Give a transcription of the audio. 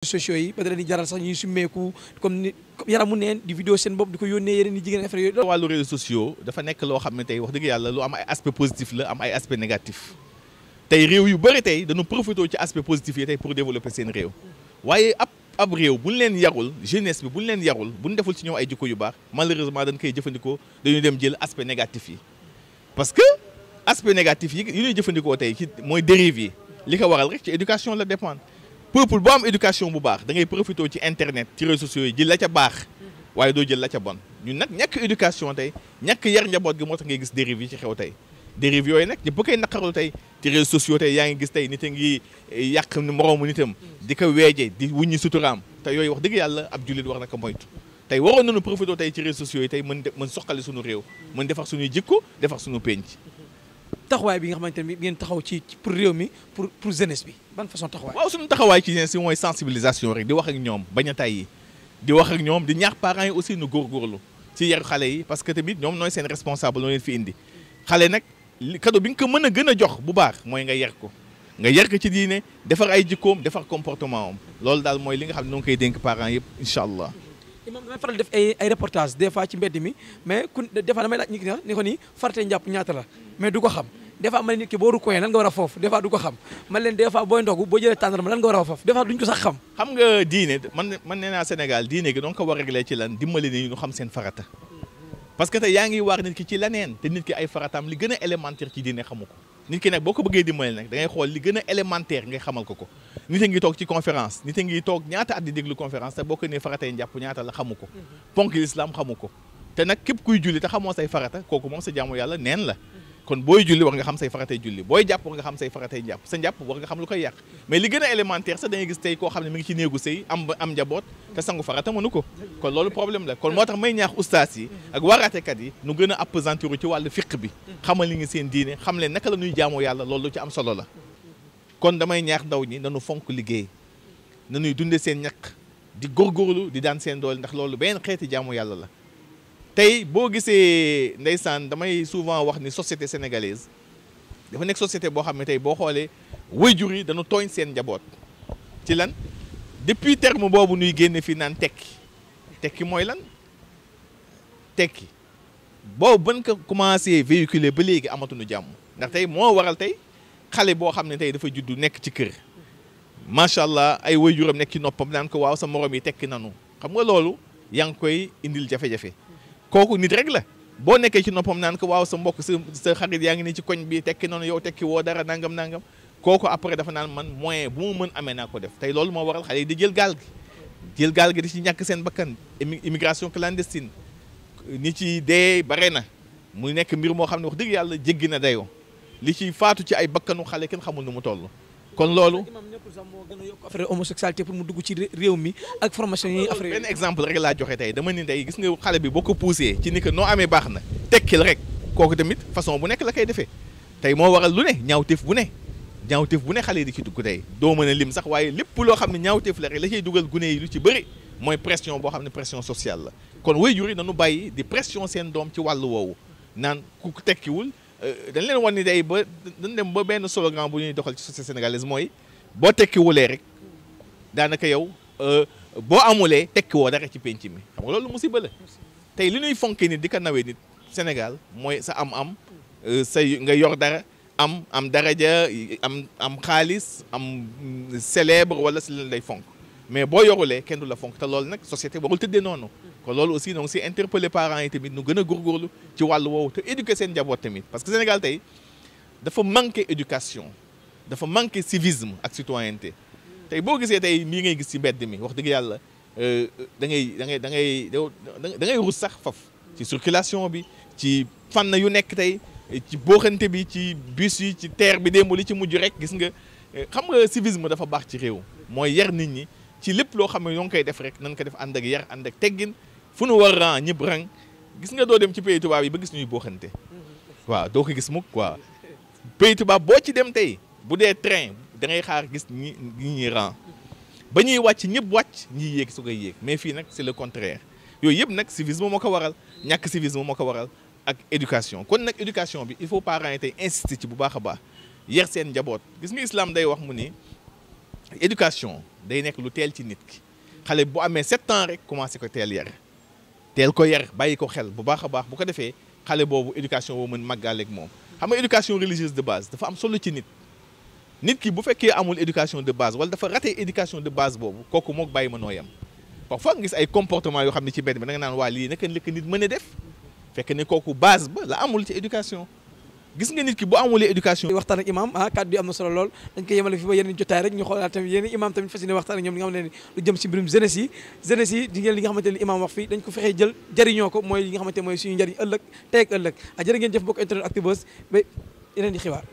sociaux yi ba da leen di jaral sax ñuy summeeku comme ni yaramu di vidéo seen bopp di ko yónnee yeneen i jigéen affaire yooyu wàllu réseaux sociaux dafa nekk loo xam ne tey wax dëgg yàlla lu am ay aspect positif la am ay aspect négatif tey réew yu bëri tey dañu profité ci aspect positif yi tey pour développer seen réew waaye ab ab réew buñ leen yarul jeunesse bi bu buñ leen yarul buñ deful ci ñëw ay jikko yu baax malheureusement dañ koy jëfandikoo dañuy dem jël aspect négatif yi parce que aspect négatif yi jëfandikoo tey ci mooy dérive yi li ko waral rek ci éducation la peuple boo am éducation bu baax da ngay profité ci internet ci réseaux sociaux yi jël la ca baax mhm. waaye doo jël la ca bon ñu nag ñàkk éducation tey ñàkk yar njaboot gi moo tax ngay gis dérive yi ci xew tey dérive yooyu nag ñëpp koy naqarlu tey ci réseaux sociaux tey yaa ngi gis tey nit a ngi eh, yàq moroomu nitam mm. di ko weeje di wuññi suturaam te yooyu wax dëgg yàlla ab jullit war na ko moytu tey waroon nañu profité tey ci réseaux sociaux yi tey mën mën soqali suñu réew man defar suñuy jikko defar suñu penc taxawaay bi nga xamante ne ngeen taxaw ci pour réew mi pour pour jeunesse bi ban façon taxawaay. waaw suñu taxawaay ci jeunesse bi mooy sensibilisation rek di wax ak ñoom bañ a tàyyi di wax ak ñoom di ñaax parents yi aussi ñu góorgóorlu ci yaru xale yi parce que tamit ñoom nooy seen responsable noo leen fi indi xale nag cadeau bi nga ko mën a gën a jox bu baax mooy nga yar ko nga yar ko ci diine defar ay jikkoom defar comportement am loolu daal mooy li nga xam ne ñoo ngi koy yëpp incha allah. imam damay faral des fois ci mbedd mi mais ku des fois damay laaj ñu ne la mais du ko xam. des fois ma ne nit ki boo rukkooyee lan nga war a foofu des fois du ko xam man leen des fois booy ndogu boo jëlee tàndaram lan nga war a foofu des fois duñ ko sax xam xam nga diine man man Sénégal diine gi doon ko war a régler ci lan dimbali ni ñu xam seen farata parce que tey yaa ngi waar nit ki ci leneen te nit ki ay farataam li gën a élémentaire ci diine xamu ko nit ki nag boo ko bëggee dimbali nag da ngay xool li gën a élémentaire ngay xamal ko ko nit a ngi toog ci conférence a ngi toog ko nee faratay njàpp kuy julli te xamoo say farata kooku moom sa jaamu yàlla neen la kon booy julli war nga xam say faratay julli booy jàpp war nga xam say faratay jàpp sa njàpp war nga xam lu koy yàq mais li gën a élémentaire sax dañuy gis tey koo xam ne mi ngi ci néegu sëy am am njaboot te sangu farata mënu ko kon loolu problème la kon moo tax may ñaax ustaas yi ak waaraatekat yi nu gën a appesantiru ci wàllu fiq bi xamal li ngi seen diine xam leen naka la ñuy jaamoo yàlla loolu ci am solo la kon damay ñaax ndaw ñi nañu fonk liggéey nañuy dunde seen ñaq di góorgóorlu di daan seen ndax loolu benn xeeti jaamu yàlla la tey boo gisee ndeysaan damay souvent wax ni société sénégalaise dafa nekk société boo xam ne tey boo xoolee waajur yi dañu tooñ seen njaboot ci lan depuis terme boobu nuy génne fii naan tekki tekki mooy lan tekki boobu ban ko commencé véhiculer ba léegi amatuñu jàmm ndax tey moo waral tey xale boo xam ne tey dafa juddu nekk ci kër macha allah ay waajuram nekk ci noppam naan ko waaw sa morom yi tekki nanu xam nga loolu yaa ngi koy indil jafe-jafe kooku nit rek la boo nekkee ci noppam naan ko waaw sa mbokk sa sa xarit yaa ngi nii ci koñ bi tekki noonu yow tekki woo dara nangam nangam kooku après dafa naan man moyen bu mu mën amee naa ko def tey loolu moo waral xale yi di jël gaal gi jël gaal gi di ci ñàkk seen bakkan immigration clandestine ni ci dee bare na mu nekk mbir moo xam ne wax dëgg yàlla jéggi na dayoo li ciy faatu ci ay bakkanu xale kenn xamul nu mu toll kon loolu. affaire homosexualité pour mu dugg ci réew mi ak formation yi affaire benn exemple rek laa joxe tey dama ni tey gis nga xale bi boo ko poussé ci ni que noo amee baax na tekkil rek kooku tamit façon bu nekk la koy defee tey moo waral lu ne ñaawteef bu ne ñaawteef bu ne xale yi di ci dugg tey doo mën a lim sax waaye lépp loo xam ne ñaawteef la rek la cay dugal gune yi lu ci bëri mooy pression boo xam ne pression sociale la kon waajur yi nañu bàyyi di pression seen doom ci wàllu woowu naan ku tekkiwul Euh, dañ leen wan ni day ba dañ dem ba benn slogan bu ñuy doxal ci société sénégalaise mooy boo tekki wulee rek daanaka yow euh, boo amulee tekkiwoo woo dara ci penc mi xam nga loolu musiba la tey li ñuy fonke nit di ko nawee nit Sénégal mooy sa am-am euh, sa nga yor dara am am daraja am am xaalis am mm, célèbre wala si leen lay fonk mais boo yorulee kenn du la fonk te loolu nag société warul tëddee noonu kon loolu aussi donc si interpeller parents yi tamit nu gën a góorgóorlu ci wàllu woowu te éduquer seen njaboot tamit parce que Sénégal tey dafa manqué éducation dafa manqué civisme ak citoyenneté tey boo gisee tey mii ngay gis ci mbedd mi wax dëgg yàlla euh, euh, da ngay da ngay da da ngay rus sax faf ci circulation bi ci fànn yu nekk tey ci booxante bi ci bus yi ci terre bi démb li ci mujj rek gis nga euh, xam nga civisme dafa baax ci réew mooy yar nit ñi ci lépp loo xam ne ñoo ngi koy def rek nan ko def ànd ak yar ànd ak teggin fu nu war ran ñëpp rang gis nga doo dem ci pays tubaab yi ba gis ñuy booxante waaw doo ko gis mukk quoi pays tubaab boo ci dem tey bu dee train dangay xaar gis ñi ñi rang ba ñuy wàcc ñëpp wàcc ñiy yéeg su koy yéeg mais fii nag c'est le contraire yooyu yëpp nag civisme moo ko waral ñàkk civisme moo ko waral ak éducation kon nag éducation bi il faut parents yi tey insister ci bu baax a baax yar seen njaboot gis nga islam day wax mu ni éducation day nekk lu teel ci nit ki xale bu amee sept ans rek commencé ko teel yar teel ko yar bàyyi ko xel bu baax a baax bu ko defee xale boobu éducation boobu mën màggaaleeg moom xam nga éducation religieuse de base dafa am solo ci nit nit ki bu fekkee amul éducation de base wala dafa raté éducation de base boobu kooku mook bàyyi ma nooyam parfois nga gis ay comportement yoo xam ne ci benn bi da nga naan waa lii naka la nit mën a def fekk ne kooku baas ba la amul ci éducation gis nga nit ki bu amulee éducation waxtaan a imam ah kàddu yi am na solo lool dañ koy yemale fi ba yeneen jotaay rek ñu xoolaat yeneen imam tamit fas yéene waxtaan ak ñoom li nga xamante ne lu jëm si mbirum jeunesse yi jeunesse li nga xamante ne imam wax fii dañ ko fexee jël jëriñoo ko mooy li nga xamante mooy suñu njëriñ ëllëg tey ëllëg a ah, jërë ngeen jëf mbokk internet Actubuzz ba yeneen xibaar